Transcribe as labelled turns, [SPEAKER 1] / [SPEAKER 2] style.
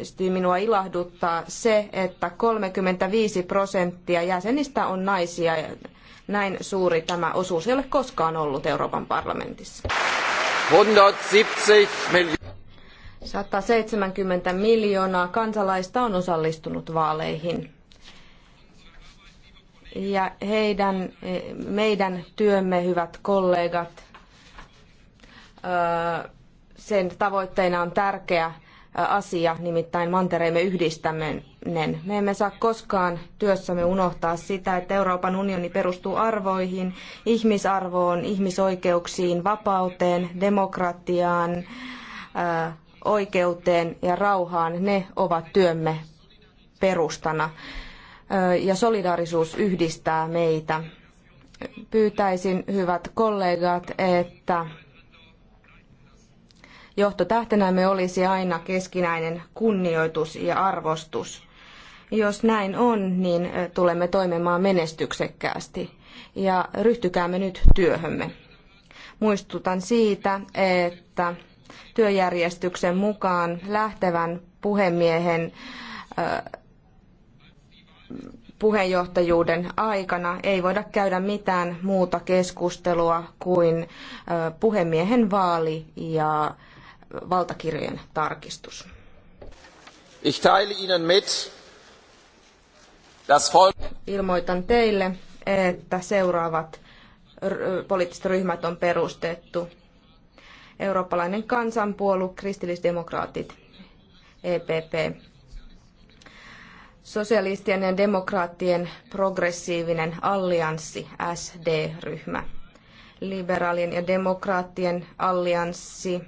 [SPEAKER 1] erityisesti minua ilahduttaa se, että 35 prosenttia jäsenistä on naisia. Ja näin suuri tämä osuus ei ole koskaan ollut Euroopan parlamentissa. 170 miljoonaa kansalaista on osallistunut vaaleihin. Ja heidän, meidän työmme, hyvät kollegat, sen tavoitteena on tärkeä asia, nimittäin mantereemme yhdistäminen. Me emme saa koskaan työssämme unohtaa sitä, että Euroopan unioni perustuu arvoihin, ihmisarvoon, ihmisoikeuksiin, vapauteen, demokratiaan, oikeuteen ja rauhaan. Ne ovat työmme perustana. Ja solidaarisuus yhdistää meitä. Pyytäisin, hyvät kollegat, että johtotähtenämme olisi aina keskinäinen kunnioitus ja arvostus. Jos näin on, niin tulemme toimimaan menestyksekkäästi ja ryhtykäämme nyt työhömme. Muistutan siitä, että työjärjestyksen mukaan lähtevän puhemiehen puheenjohtajuuden aikana ei voida käydä mitään muuta keskustelua kuin puhemiehen vaali ja valtakirjojen tarkistus. Ich teile Ihnen mit, Ilmoitan teille, että seuraavat poliittiset ryhmät on perustettu. Eurooppalainen kansanpuolue, kristillisdemokraatit, EPP, sosialistien ja demokraattien progressiivinen allianssi, SD-ryhmä liberaalien ja demokraattien allianssi,